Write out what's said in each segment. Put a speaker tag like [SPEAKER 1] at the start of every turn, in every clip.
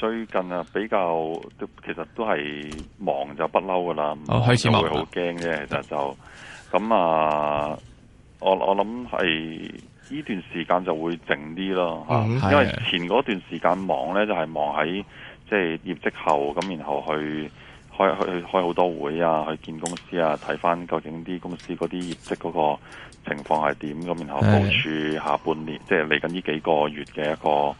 [SPEAKER 1] 最近啊，比較都其實都係忙就不嬲噶啦，唔、哦、會好驚嘅。其實就咁啊，我我諗係呢段時間就會靜啲咯、嗯、因為前嗰段時間忙咧就係、是、忙喺即係業績後咁，然後去，去，去開開開好多會啊，去見公司啊，睇翻究竟啲公司嗰啲業績嗰個情況係點咁，然後部署下半年，是即係嚟緊呢幾個月嘅一個。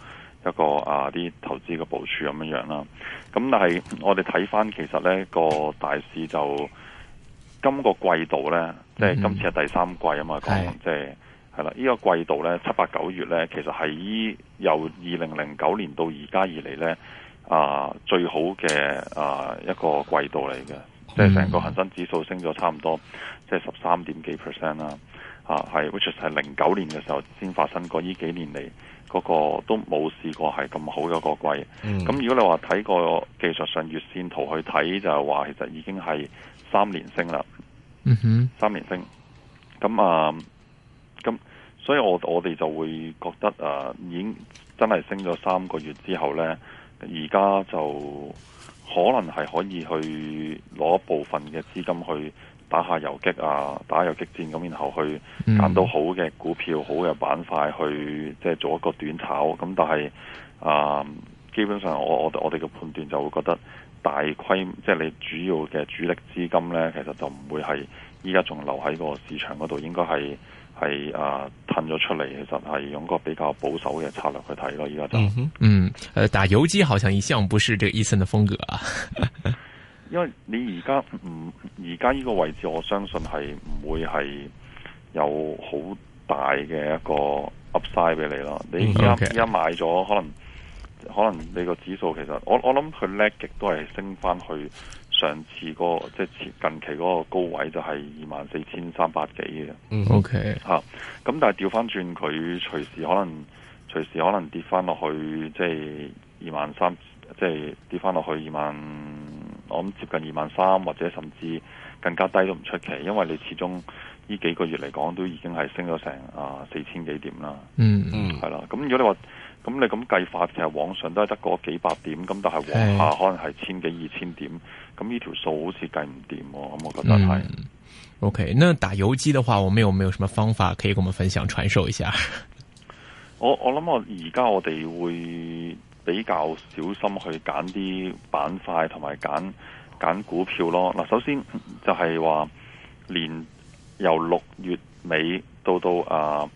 [SPEAKER 1] 一個啊啲投資嘅部署咁樣啦，咁但係我哋睇翻其實呢個大市就今個季度呢，嗯、即係今次係第三季啊嘛講，即係係啦，呢、這個季度呢，七八九月呢，其實係依由二零零九年到而家以嚟呢啊最好嘅啊一個季度嚟嘅、嗯，即係成個恒生指數升咗差唔多即係十三點幾 percent 啦。啊，係，which is 係零九年嘅時候先發生過，呢幾年嚟，嗰個都冇試過係咁好嘅一個季。咁、嗯、如果你話睇個技術上月線圖去睇，就係話其實已經係三年升啦。嗯哼，三年升。咁啊，咁所以我我哋就會覺得啊，已經真係升咗三個月之後咧，而家就可能係可以去攞一部分嘅資金去。打下游擊啊，打下游擊戰咁，然後去揀到好嘅股票、嗯、好嘅板塊去，即係做一個短炒。咁但係啊、呃，基本上我我我哋嘅判斷就會覺得大規，即係你主要嘅主力資金呢，其實就唔會係依家仲留喺個市場嗰度，應該係係啊褪咗出嚟。其實係用個比較保守嘅策略去睇咯。依家就是、嗯，誒、
[SPEAKER 2] 嗯，打遊擊好像一向不是這個 Ethan 嘅風格啊。
[SPEAKER 1] 因為你而家唔而家呢個位置，我相信係唔會係有好大嘅一個 Upside 俾你咯。你而家而家買咗，可能可能你個指數其實我我諗佢叻極都係升翻去上次、嗰個即係、就係、近期嗰個高位就係，就係二萬四千三百幾嘅。
[SPEAKER 2] 嗯，OK 嚇。
[SPEAKER 1] 咁但係調翻轉，佢隨時可能隨時可能跌翻落去，即係二萬三，即係跌翻落去二萬。我諗接近二萬三，或者甚至更加低都唔出奇，因為你始終呢幾個月嚟講，都已經係升咗成啊四千幾點啦。嗯嗯，係啦。咁如果你話咁你咁計法，其實往上都係得嗰幾百點，咁但係往下可能係千幾、哎、二千點，咁呢條數好似計唔掂，咁我覺得係。
[SPEAKER 2] 嗯、o、okay, K，那打游擊嘅話，我們有沒有什麼方法可以跟我們分享傳授一下？
[SPEAKER 1] 我我諗我而家我哋會。比較小心去揀啲板塊同埋揀揀股票咯。嗱，首先就係話，連由六月尾到到啊呢、呃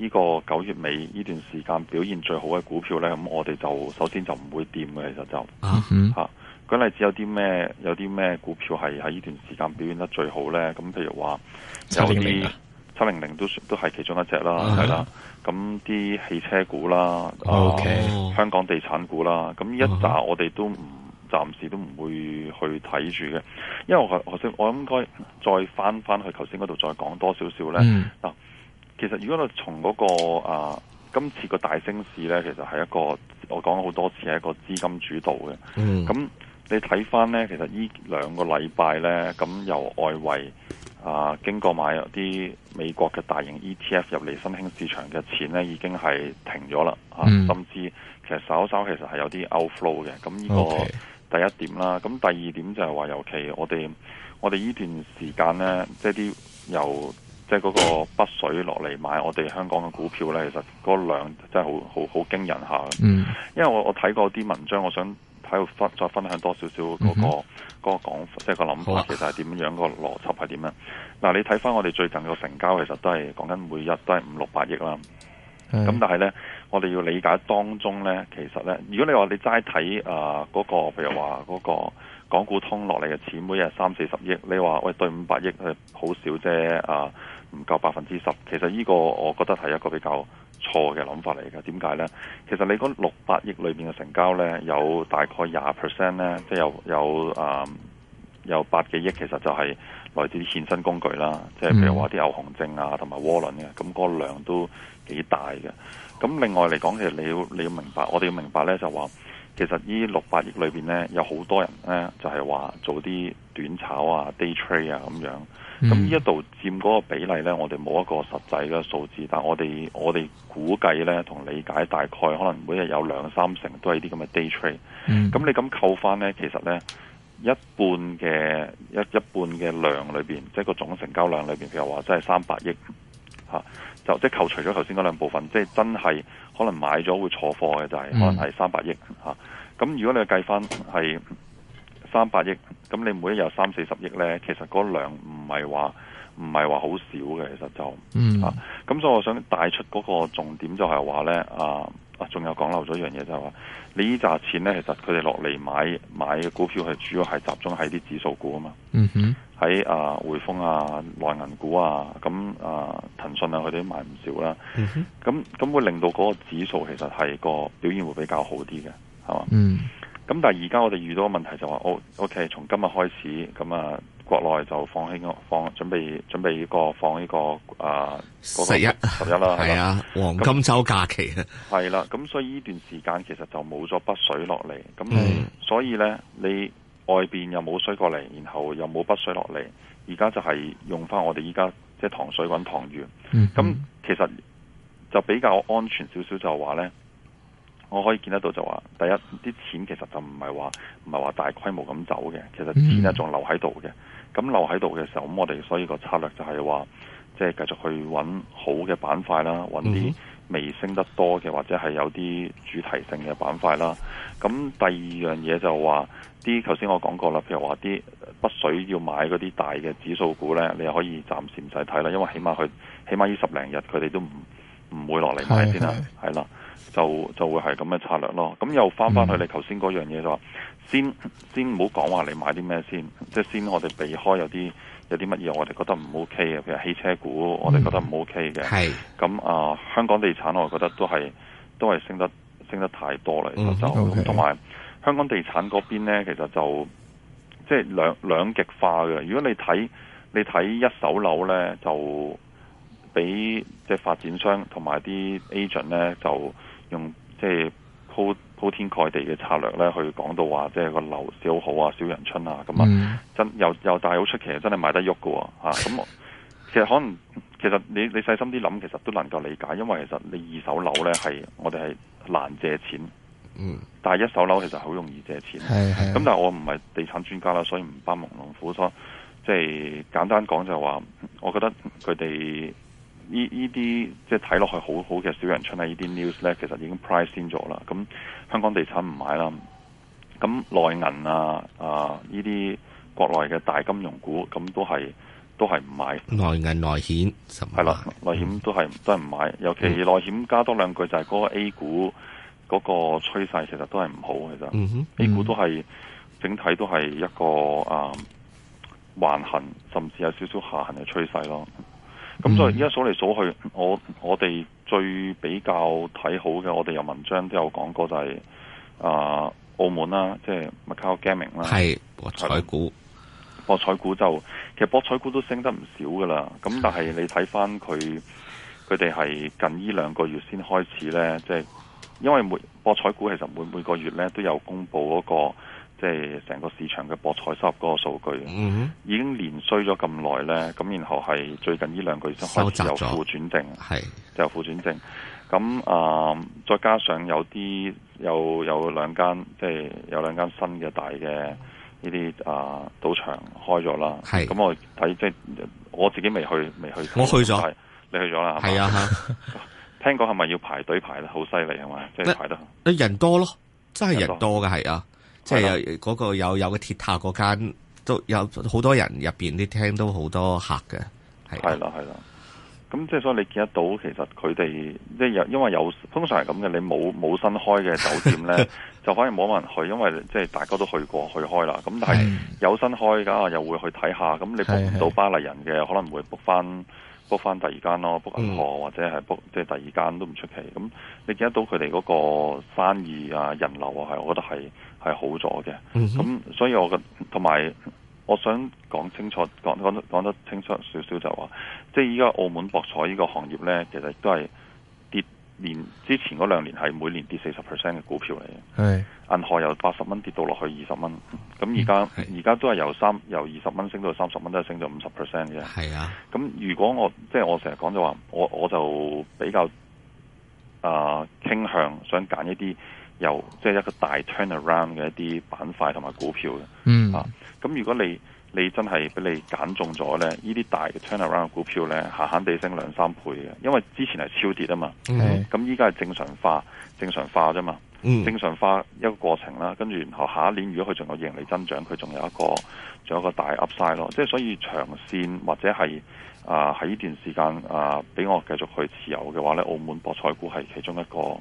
[SPEAKER 1] 這個九月尾呢段時間表現最好嘅股票呢，咁、嗯、我哋就首先就唔會掂嘅，其實就吓。舉例子有啲咩有啲咩股票係喺呢段時間表現得最好呢？咁、嗯、譬如話有啲。七零零都都係其中一隻啦，係啦。Uh-huh. 咁啲汽車股啦，okay. 香港地產股啦，咁一紮我哋都唔暫時都唔會去睇住嘅。Uh-huh. 因為我我先我應該再翻翻去頭先嗰度再講多少少咧。嗱、uh-huh.，其實如果我從嗰個啊今次個大升市咧，其實係一個我講咗好多次係一個資金主導嘅。咁、uh-huh. 你睇翻咧，其實呢兩個禮拜咧，咁由外圍。啊，經過買啲美國嘅大型 ETF 入嚟新興市場嘅錢咧，已經係停咗啦、mm. 啊，甚至其實稍稍其實係有啲 outflow 嘅。咁呢個第一點啦。咁、okay. 第二點就係話，尤其我哋我哋呢段時間呢，即係啲由即係嗰個北水落嚟買我哋香港嘅股票呢，其實嗰量真係好好好驚人一下。Mm. 因為我我睇過啲文章，我想。喺度分再分享多少少嗰個嗰、mm -hmm. 個講法，即係個諗法，其實係點樣、oh. 個邏輯係點樣？嗱，你睇翻我哋最近個成交，其實都係講緊每日都係五六百億啦。咁、yeah. 但係呢，我哋要理解當中呢，其實呢，如果你話你齋睇啊嗰個，譬如話嗰個港股通落嚟嘅錢，每日三四十億，你話喂對五百億係好少啫啊，唔夠百分之十。其實呢個我覺得係一個比較。錯嘅諗法嚟噶，點解呢？其實你嗰六百億裏面嘅成交呢，有大概廿 percent 呢，即係有有誒、呃、有百幾億，其實就係來自啲衍生工具啦，即係譬如話啲牛熊證啊，同埋窩輪嘅，咁個量都幾大嘅。咁另外嚟講，其實你，你要你要明白，我哋要明白呢，就話其實呢六百億裏邊呢，有好多人呢，就係、是、話做啲短炒啊，day trade 啊咁樣。咁呢一度佔嗰個比例咧，我哋冇一個實際嘅數字，但係我哋我哋估計咧同理解大概可能每日有兩三成都係啲咁嘅 day trade、嗯。咁你咁扣翻咧，其實咧一半嘅一一半嘅量裏邊，即、就、係、是、個總成交量裏邊，譬如話真係三百億、啊、就即係、就是、扣除咗頭先嗰兩部分，即、就、係、是、真係可能買咗會錯貨嘅就係、是嗯、可能係三百億嚇。咁、啊、如果你計翻係。三百億咁，你每一日三四十億呢，其實嗰量唔係話唔係話好少嘅，其實就咁、嗯啊、所以我想帶出嗰個重點就係話呢，啊仲、啊、有講漏咗一樣嘢就係話，你呢紮錢呢，其實佢哋落嚟買買嘅股票係主要係集中喺啲指數股啊嘛，嗯
[SPEAKER 2] 哼，
[SPEAKER 1] 喺啊匯豐啊、內銀、啊、股啊，咁啊騰訊啊，佢哋都買唔少啦，咁、嗯、咁會令到嗰個指數其實係個表現會比較好啲嘅，係嘛，嗯。咁但係而家我哋遇到個問題就話 O，OK、OK，從今日開始，咁啊國內就放興放準備準備個放呢個啊、呃那個、十一十一啦，係啊
[SPEAKER 2] 黃金
[SPEAKER 3] 周假期
[SPEAKER 1] 係啦，咁 所以呢段時間其實就冇咗筆水落嚟，咁所以咧、嗯、你外邊又冇水過嚟，然後又冇筆水落嚟，而家就係用翻我哋依家即係塘水滾塘魚，咁、嗯、其實就比較安全少少，就話咧。我可以見得到就話，第一啲錢其實就唔係話唔係話大規模咁走嘅，其實錢咧仲留喺度嘅。咁留喺度嘅時候，咁我哋所以個策略就係話，即係繼續去揾好嘅板塊啦，揾啲微升得多嘅或者係有啲主題性嘅板塊啦。咁第二樣嘢就話，啲頭先我講過啦，譬如話啲北水要買嗰啲大嘅指數股咧，你可以暫時唔使睇啦，因為起碼佢起碼呢十零日佢哋都唔唔會落嚟買先啦，係啦。就就會係咁嘅策略咯。咁又翻翻去你頭先嗰樣嘢就話，先先唔好講話你買啲咩先，即係先我哋避開有啲有啲乜嘢我哋覺得唔 OK 嘅，譬如汽車股我哋覺得唔 OK 嘅。係咁啊，香港地產我覺得都係都係升得升得太多啦。嗯、就同埋、okay. 香港地產嗰邊咧，其實就即係、就係、兩兩極化嘅。如果你睇你睇一手樓咧，就俾即係發展商同埋啲 agent 咧就。用即係鋪鋪天蓋地嘅策略咧，去講到話即係個樓市好好啊，小陽春啊，咁、嗯、啊真又又大好出奇，真係賣得喐噶吓。咁、啊、其實可能，其實你你細心啲諗，其實都能夠理解，因為其實你二手樓咧係我哋係難借錢，嗯，但係一手樓其實好容易借錢，係係。咁、啊、但係我唔係地產專家啦，所以唔包蒙龍虎所以即係簡單講就話、是，我覺得佢哋。呢啲即係睇落去好好嘅少人出嚟呢啲 news 咧，其實已經 price 先咗啦。咁香港地產唔買啦，咁內銀啊啊呢啲國內嘅大金融股，咁都係都係唔買。內銀內險係啦，內險、嗯、都係都係唔買。尤其內險加多兩句就係嗰個 A 股嗰個趨勢其實都好，其實都係唔好。其實 A 股都係整體都係一個啊橫行，甚至有少少下行嘅趨勢咯。咁、嗯、所以而家數嚟數去，我我哋最比較睇好嘅，我哋有文章都有講過就係、是、啊、呃，澳門啦，即係 Macau gaming 啦，係博彩股，博彩股就其實博彩股都升得唔少噶啦。咁但係你睇翻佢，佢哋係近呢兩個月先開始咧，即、就、係、是、因為每博彩股其實每每個月咧都有公布嗰、那個。即係成個市場嘅博彩收入嗰個數據、嗯，已經連衰咗咁耐咧。咁然後係最近呢兩個月先開始由負轉正，係由負轉正。咁啊、嗯，再加上有啲有有兩間，即、就、係、是、有兩間新嘅大嘅呢啲啊賭場開咗啦。係咁我睇即係我自己未去，未去。我去咗，你去咗啦。係啊，啊啊啊 聽講係咪要排隊排得好犀利係嘛？即係、就是、排得，
[SPEAKER 3] 你人多咯，真係人多㗎，係啊。即係有 𠮶 個有有個鐵塔 𠮶 間都有好多人，入邊啲廳都好多客嘅，係，係
[SPEAKER 1] 喇，係喇。咁即係所以你見得到其實佢哋即係因為有通常係咁嘅，你冇冇新開嘅酒店咧， 就反而冇人去，因為即係大家都去過去開啦。咁但係有新開，咁又會去睇下。咁你 book 唔到巴黎人嘅，可能會 book 翻 book 翻第二間咯，book 銀河、嗯、或者係 book 即係第二間都唔出奇。咁你見得到佢哋嗰個生意啊，人流啊係，我覺得係係好咗嘅。咁、嗯、所以我覺得同埋。我想講清楚，講講講得清楚少少就話，是就是，即係依家澳門博彩呢個行業呢，其實都係跌年之前嗰兩年係每年跌四十 percent 嘅股票嚟嘅。
[SPEAKER 2] 係，
[SPEAKER 1] 銀河由八十蚊跌到落去二十蚊，咁而家而家都係由三由二十蚊升到三十蚊，都係升到五十 percent 嘅。係啊，咁如果我即係我成日講就話，我我就比較啊，呃、傾向想揀一啲。有即係一個大 turnaround 嘅一啲板塊同埋股票嘅，嗯，啊，咁如果你你真係俾你揀中咗咧，呢啲大嘅 turnaround 股票咧，閒閒地升兩三倍嘅，因為之前係超跌啊嘛，咁依家係正常化，正常化啫嘛，嗯，正常化一個過程啦，跟住然後下一年如果佢仲有盈利增長，佢仲有一個仲有一個大 upside 咯，即係所以長線或者係啊喺呢段時間啊俾我繼續去持有嘅話咧，澳門博彩股係其中一個。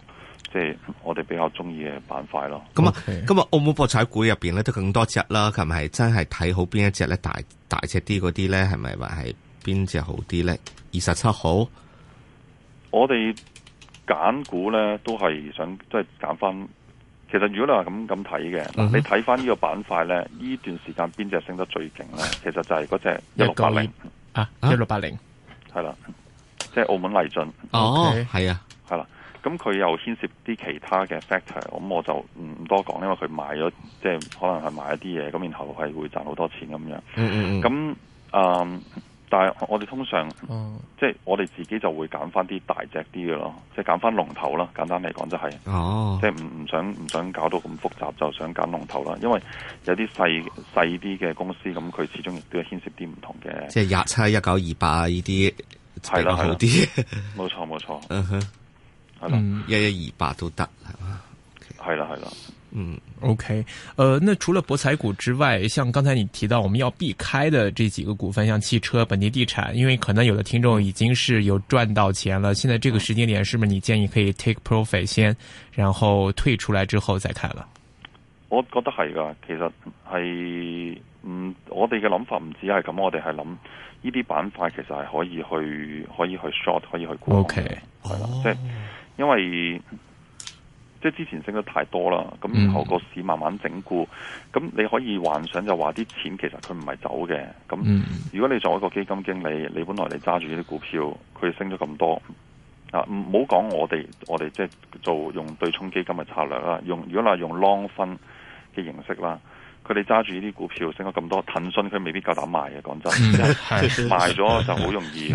[SPEAKER 1] 即、就、係、是、我哋比較中意嘅板塊咯。咁、okay.
[SPEAKER 3] 啊，咁啊，澳門博彩股入邊咧都咁多隻啦。係咪真係睇好邊一隻咧？大大隻啲嗰啲咧，係咪話係邊隻好啲咧？二十七號，
[SPEAKER 1] 我哋揀股咧都係想即係揀翻。其實如果你話咁咁睇嘅，嗱、嗯，你睇翻呢個板塊咧，呢段時間邊隻升得最勁咧？其實就係嗰隻一
[SPEAKER 2] 六八零啊，一六八零
[SPEAKER 1] 係啦，即係、就是、澳門勵駿哦，係、okay. 啊，係啦。咁佢又牽涉啲其他嘅 factor，咁我就唔多講，因為佢買咗，即係可能係買一啲嘢，咁然後係會賺好多錢咁樣。嗯嗯嗯。咁啊，但係我哋通常，嗯、即係我哋自己就會揀翻啲大隻啲嘅咯，即係揀翻龍頭啦，簡單嚟講就係、是。哦。即係唔唔想唔想搞到咁複雜，就想揀龍頭啦。因為有啲細細啲嘅公司，咁佢始終亦都係牽涉啲唔同嘅。即係廿七、
[SPEAKER 3] 一九、二八啊！呢啲比較好啲。冇錯冇錯。嗯哼。Uh -huh. 嗯，
[SPEAKER 2] 一一二八都得，係、啊、啦，係、okay, 啦。嗯，OK，誒、呃，那除了博彩股之外，像剛才你提到我們要避開的這幾個股份，像汽車、本地地產，因為可能有的聽眾已經是有賺到錢了。現在這個時間點，是不是你建議可以 take profit 先，然後退出來之後再看了？
[SPEAKER 1] 我覺得係噶，其實係，嗯，我哋嘅諗法唔止係咁，我哋係諗呢啲板塊其實係可以去，可以去 short，可以去沽。O K，係啦，即、哦、係。因為即係之前升得太多啦，咁然後個市慢慢整固，咁、嗯、你可以幻想就話啲錢其實佢唔係走嘅。咁如果你作為一個基金經理，你本來你揸住呢啲股票，佢升咗咁多啊，唔好講我哋，我哋即係做用對沖基金嘅策略啦。用如果話用 long fund 嘅形式啦，佢哋揸住呢啲股票升咗咁多，騰訊佢未必夠膽 因為 賣嘅。講真，賣咗就好容易。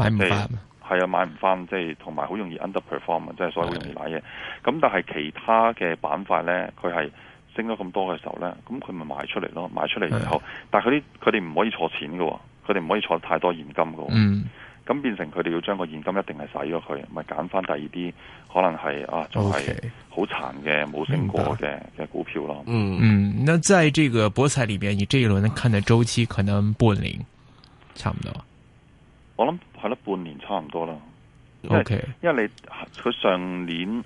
[SPEAKER 1] 係啊，買唔翻即係，同埋好容易 underperform，即係所以好容易買嘢。咁但係其他嘅板塊咧，佢係升咗咁多嘅時候咧，咁佢咪賣出嚟咯，賣出嚟然後，但係佢啲佢哋唔可以坐錢嘅喎，佢哋唔可以坐太多現金嘅喎。嗯。咁變成佢哋要將個現金一定係使咗佢，咪揀翻第二啲可能係啊，就係好殘嘅冇、okay、升過嘅嘅、嗯、股票咯。
[SPEAKER 2] 嗯嗯，那在這個博彩裏面，你這一輪看的周期可能半年，差唔多。
[SPEAKER 1] 我諗係得半年差唔多啦
[SPEAKER 2] ，okay。
[SPEAKER 1] 因為你佢上年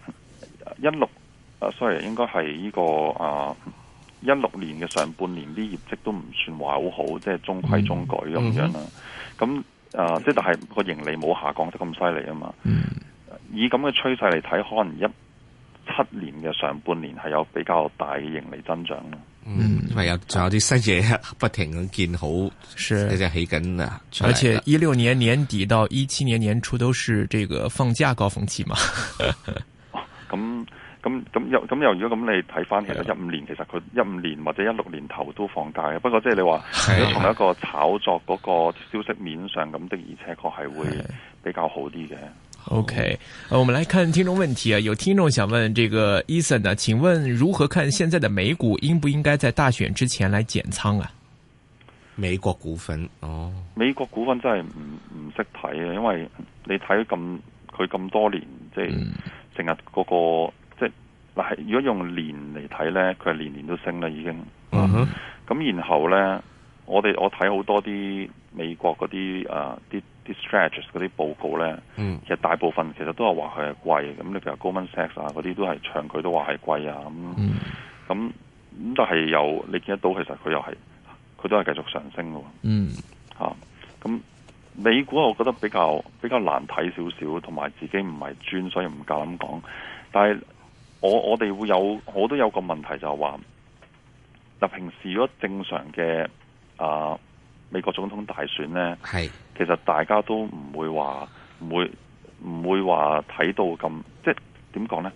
[SPEAKER 1] 一六啊，sorry，應該係呢個啊一六年嘅上半年啲業績都唔算話好好，即係中規中矩咁樣啦。咁，mm -hmm. 啊，即係但係個盈利冇下降得咁犀利啊嘛。Mm -hmm. 以咁嘅趨勢嚟睇，可能一七年嘅上半年係有比較大嘅盈利增長咯。
[SPEAKER 3] 嗯，唯有仲有啲新嘢不停咁建好，一直起緊啊！而且一
[SPEAKER 2] 六年年底到一七年年初都是這個房價高峰期嘛。 咁
[SPEAKER 1] 咁咁又咁又如果咁你睇翻其實一五年 其實佢一五年或者一六年頭都房價嘅，不過即係你話，如果從一個炒作嗰個消息面上咁的，而且確係會比較好啲嘅。
[SPEAKER 2] OK，啊、我們來看聽眾問題啊，有聽眾想問這個 Ethan 呢，請問如何看現在的美股，應不應該在大選之前來減倉啊？美國股份，哦，
[SPEAKER 1] 美國股份真係唔唔識睇啊，因為你睇，咁佢咁多年，即係成日嗰個即係嗱，係、就是、如果用年嚟睇咧，佢係年年都升啦已經，嗯哼、咁、啊、然後咧，我哋我睇好多啲美國嗰啲誒啲。啊啲 strategies 嗰啲報告咧，嗯，其實大部分其實都係話佢係貴，咁你譬如高 sex 啊嗰啲都係長距離都話係貴啊咁，咁咁，嗯、但係又你見得到其實佢又係佢都係繼續上升嘅喎。嗯，咁美股我覺得比較比較難睇少少，同埋自己唔係專，所以唔夠膽講。但係我我哋會有我都有個問題就係，是、話，嗱平時如果正常嘅啊。美國總統大選呢，係其實大家都唔會話唔會唔會話睇到咁，即係點講呢？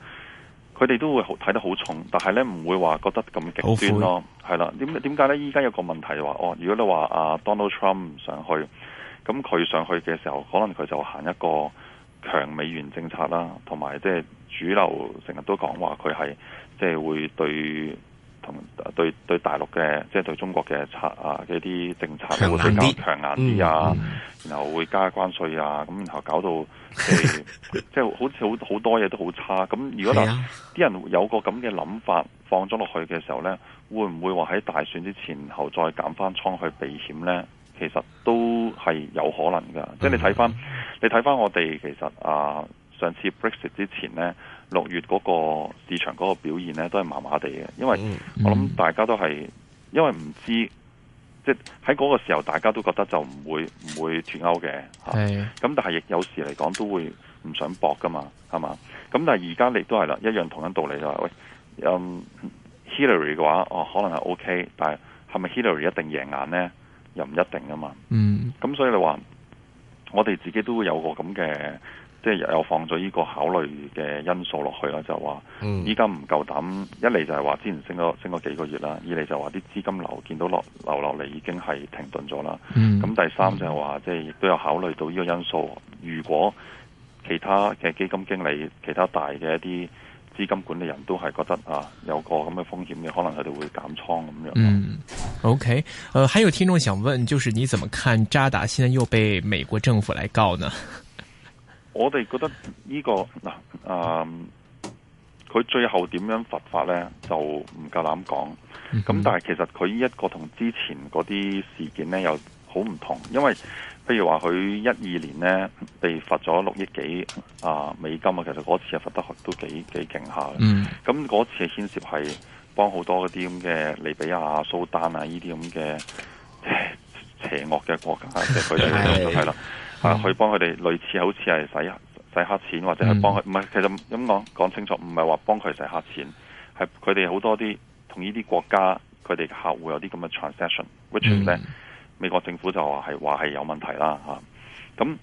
[SPEAKER 1] 佢哋都會好睇得好重，但係呢，唔會話覺得咁極端咯。係啦，點點解呢？依家有個問題就話哦，如果你話啊 Donald Trump 上去，咁佢上去嘅時候，可能佢就行一個強美元政策啦，同埋即係主流成日都講話佢係即係會對。嗯、對對大陸嘅，即、就、係、是、對中國嘅策啊，一啲政策都會比較強硬啲啊、嗯嗯，然後會加關稅啊，咁然後搞到即係、 呃就是、好似好好多嘢都好差。咁如果嗱，啲、啊、人有個咁嘅諗法放咗落去嘅時候咧，會唔會話喺大選之前後再減翻倉去避險咧？其實都係有可能噶。即、嗯、係、就是、你睇翻、嗯，你睇翻我哋其實啊，上次 Brexit 之前咧。六月嗰個市場嗰個表現咧，都係麻麻地嘅，因為我諗大家都係因為唔知，即喺嗰個時候大家都覺得就唔會唔會脫歐嘅，咁但係亦有時嚟講都會唔想搏噶嘛，係嘛？咁、嗯、但係而家你都係啦，一樣同樣道理就係喂、嗯、Hillary 嘅話哦，可能係 OK，但係係咪 Hillary 一定贏硬咧？又唔一定噶嘛。嗯，咁、嗯、所以你話我哋自己都會有個咁嘅。即係又放咗呢個考慮嘅因素落去啦，就話依家唔夠膽，一嚟就係話之前升咗升咗幾個月啦，二嚟就話啲資金流見到落流落嚟已經係停頓咗啦。咁、嗯、第三就係話，即係亦都有考慮到呢個因素。如果其他嘅基金經理、其他大嘅一啲資金管理人都係覺得啊，有個咁嘅風險嘅，可能佢哋會減倉咁樣、嗯。
[SPEAKER 2] OK，誒，還有聽眾想問，就是你怎麼看渣打現在又被美國政府來告呢？
[SPEAKER 1] 我哋覺得呢、這個嗱，佢、呃、最後點樣罰法咧，就唔夠膽講。咁、嗯、但係其實佢一個同之前嗰啲事件咧，又好唔同。因為譬如話佢一二年咧，被罰咗六億幾啊美金啊，其實嗰次係罰得都幾幾勁下。咁嗰、嗯、次牽涉係幫好多嗰啲咁嘅利比亞、蘇丹啊呢啲咁嘅邪惡嘅國家，即係佢哋，係啦。啊！去幫佢哋類似好似係使使黑錢，或者係幫佢唔係。其實咁講講清楚，唔係話幫佢哋使黑錢，係佢哋好多啲同呢啲國家佢哋客戶有啲咁嘅 transaction，which、嗯、咧美國政府就話係話係有問題啦吓。咁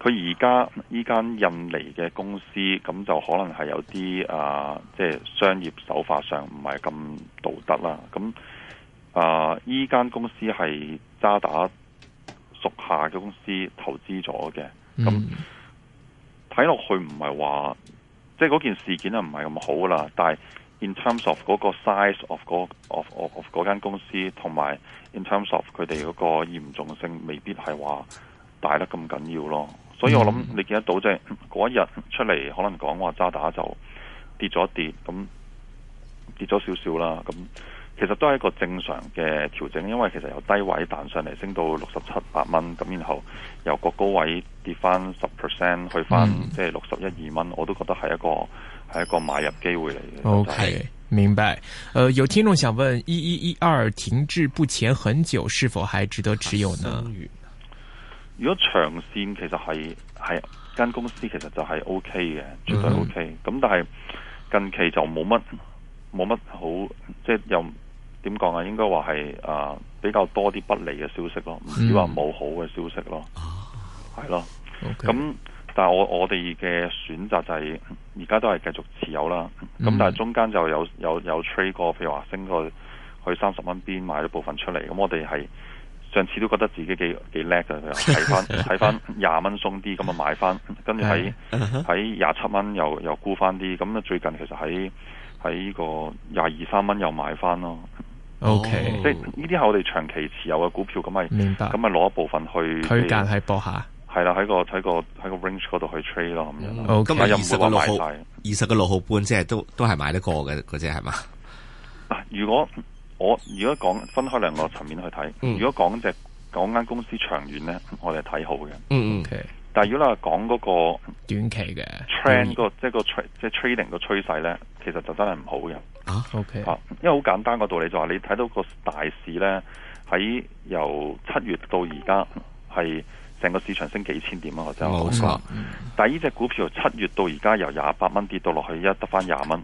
[SPEAKER 1] 佢而家依間印尼嘅公司咁就可能係有啲啊，即係商業手法上唔係咁道德啦。咁啊，依間公司係渣打。屬下嘅公司投資咗嘅，咁睇落去唔係話，即係嗰件事件啊唔係咁好啦。但係 in terms of 嗰個 size of 嗰、of、of、of 間公司，同埋 in terms of 佢哋嗰個嚴重性，未必係話大得咁緊要咯。所以我諗你見得到、就是，即係嗰日出嚟可能講話渣打就跌咗跌，咁、嗯、跌咗少少啦，咁、嗯。其實都係一個正常嘅調整，因為其實由低位彈上嚟，升到六十七八蚊，咁然後由個高位跌翻十 percent 去翻，即係六十一二蚊，我都覺得係一個係一個買入機會嚟
[SPEAKER 2] 嘅。O、okay, K、就是、明白。誒、呃，有聽眾想問：一一一二停滯不前很久，是否還值得持有呢？
[SPEAKER 1] 如果長線其實係係間公司，其實就係 O K 嘅，絕對 O、OK, K、嗯。咁但係近期就冇乜冇乜好，即係又。點講啊？應該話係啊比較多啲不利嘅消息咯，唔止話冇好嘅消息咯，係、嗯、咯。咁、okay. 但係我我哋嘅選擇就係而家都係繼續持有啦。咁但係中間就有有有 trade 過，譬如話升過去去三十蚊邊買咗部分出嚟。咁我哋係上次都覺得自己幾幾叻嘅，睇翻睇翻廿蚊鬆啲咁啊買翻，跟住喺喺廿七蚊又又沽翻啲。咁啊最近其實喺喺呢個廿二三蚊又買翻咯。
[SPEAKER 2] OK，okay，哦，即
[SPEAKER 1] 係呢啲係我哋長期持有嘅股票，咁咪，咁咪攞一部分去推介係博下，係啦喺個喺個喺個 range 嗰度去 trade 咯、okay，咁樣。今日，又唔使話買，二十個六號，
[SPEAKER 2] 二十個六
[SPEAKER 3] 號半，即係都都係買得過嘅嗰隻係嘛？
[SPEAKER 1] 如果我如果講分開兩個層面去睇，如果講只講間公司長遠咧，我哋係睇好嘅。嗯 okay, trend,
[SPEAKER 2] trend, 嗯，
[SPEAKER 1] 但係如果你話講嗰個
[SPEAKER 2] 短期嘅 trend，
[SPEAKER 1] 個即係個即係 trading 嘅趨勢咧，其實就真係唔好嘅。啊，OK，吓，因為好簡單個道理就話你睇到個大市咧，喺由七月到而家係成個市場升幾千點啊，或者冇錯。但係呢隻股票由七月到而家由廿八蚊跌到落去一得返廿蚊，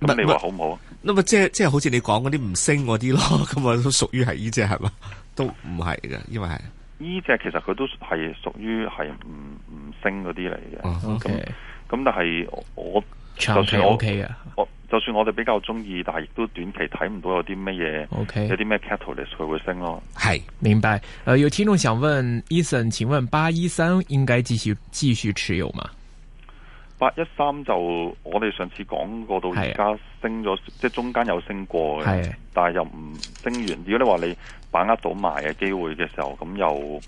[SPEAKER 1] 咁你話好唔好？
[SPEAKER 3] 咁啊，即係即係好似你講嗰啲唔升嗰啲咯，咁啊都屬於係呢隻係嘛？都唔係嘅，因為係
[SPEAKER 1] 呢隻其實佢都係屬於係唔唔升嗰啲嚟嘅。咁、okay. 但係我，我
[SPEAKER 2] 長期 OK 啊。我
[SPEAKER 1] 就算我哋比較中意，但係亦都短期睇唔到有啲乜嘢，okay. 有啲咩 catalyst 佢會升咯。
[SPEAKER 2] 係，明白。誒、呃，有聽眾想問，Eason，請問八一三應該繼續繼續持有嗎？
[SPEAKER 1] 八一三就我哋上次講過到而家升咗、啊，即係中間有升過嘅、啊，但係又唔升完。如果你話你把握到賣嘅機會嘅時候，咁又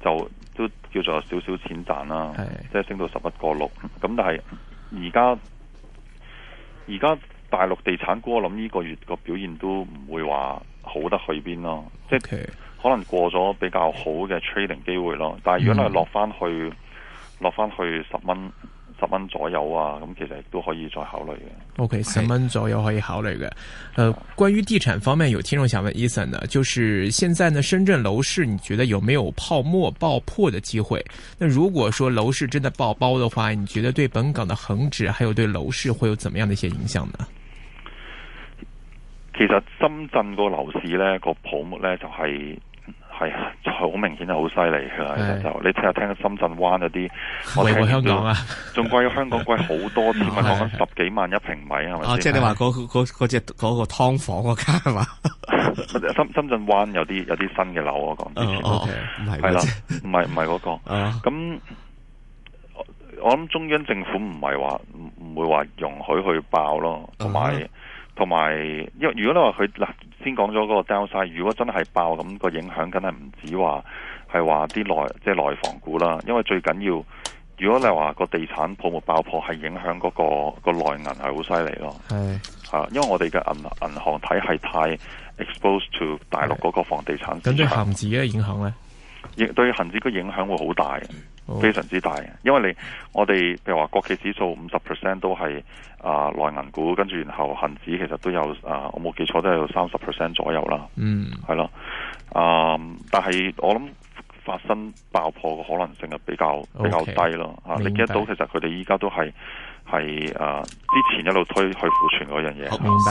[SPEAKER 1] 就都叫做有少少錢賺啦、啊。即係升到十一個六，咁但係而家。而家大陸地產股，我諗呢個月個表現都唔會話好得去邊咯，okay. 即可能過咗比較好嘅 trading 機會咯。但係如果你係落翻去，嗯、落翻去十蚊。十蚊左右啊，咁其實都可以再考
[SPEAKER 2] 慮嘅。OK，十蚊左右可以考慮嘅。誒、okay. 呃，關於地產方面，有聽眾想問 Ethan 呢就是現在呢，深圳樓市你覺得有沒有泡沫爆破的機會？那如果說樓市真的爆煲的話，你覺得對本港的恒指，還有對樓市會有怎麼樣的一些影響呢？
[SPEAKER 1] 其實深圳個樓市呢，個泡沫呢，就係、是。係、啊，好明顯係好犀利嘅。其實就你聽下聽下深圳灣嗰啲，貴過香港啊，仲貴過香港貴好多次，我講緊十幾萬一平米係咪、啊啊？即係你話
[SPEAKER 3] 嗰嗰隻個湯、嗰個嗰個嗰個、房嗰間係
[SPEAKER 1] 嘛？深深圳灣有啲有啲新嘅樓我講，係啦，唔係唔係嗰個，咁我諗中央政府唔係話唔唔會話容許去爆咯，同、嗯、埋。同埋，因為如果你話佢嗱，先講咗嗰個 downside，如果真係爆咁個影響，梗係唔止話係話啲內即係內房股啦。因為最緊要，如果你話個地產泡沫爆破，係影響嗰個、個內銀係好犀利咯。係吓，因為我哋嘅銀，銀行體系太 exposed to 大陸嗰個房地產。咁對恆
[SPEAKER 2] 指嘅影響咧，
[SPEAKER 1] 亦對恆指嘅影響會好大。非常之大嘅，因為你我哋譬如話國企指數五十 percent 都係啊內銀股，跟住然後恒指其實都有啊、呃，我冇記錯都係有三十 percent 左右啦。嗯，係啦，嗯、呃，但係我諗發生爆破嘅可能性係比較 okay，比較低咯。啊，你記得到其實佢哋依家都係係啊之前一路推去庫存嗰樣嘢。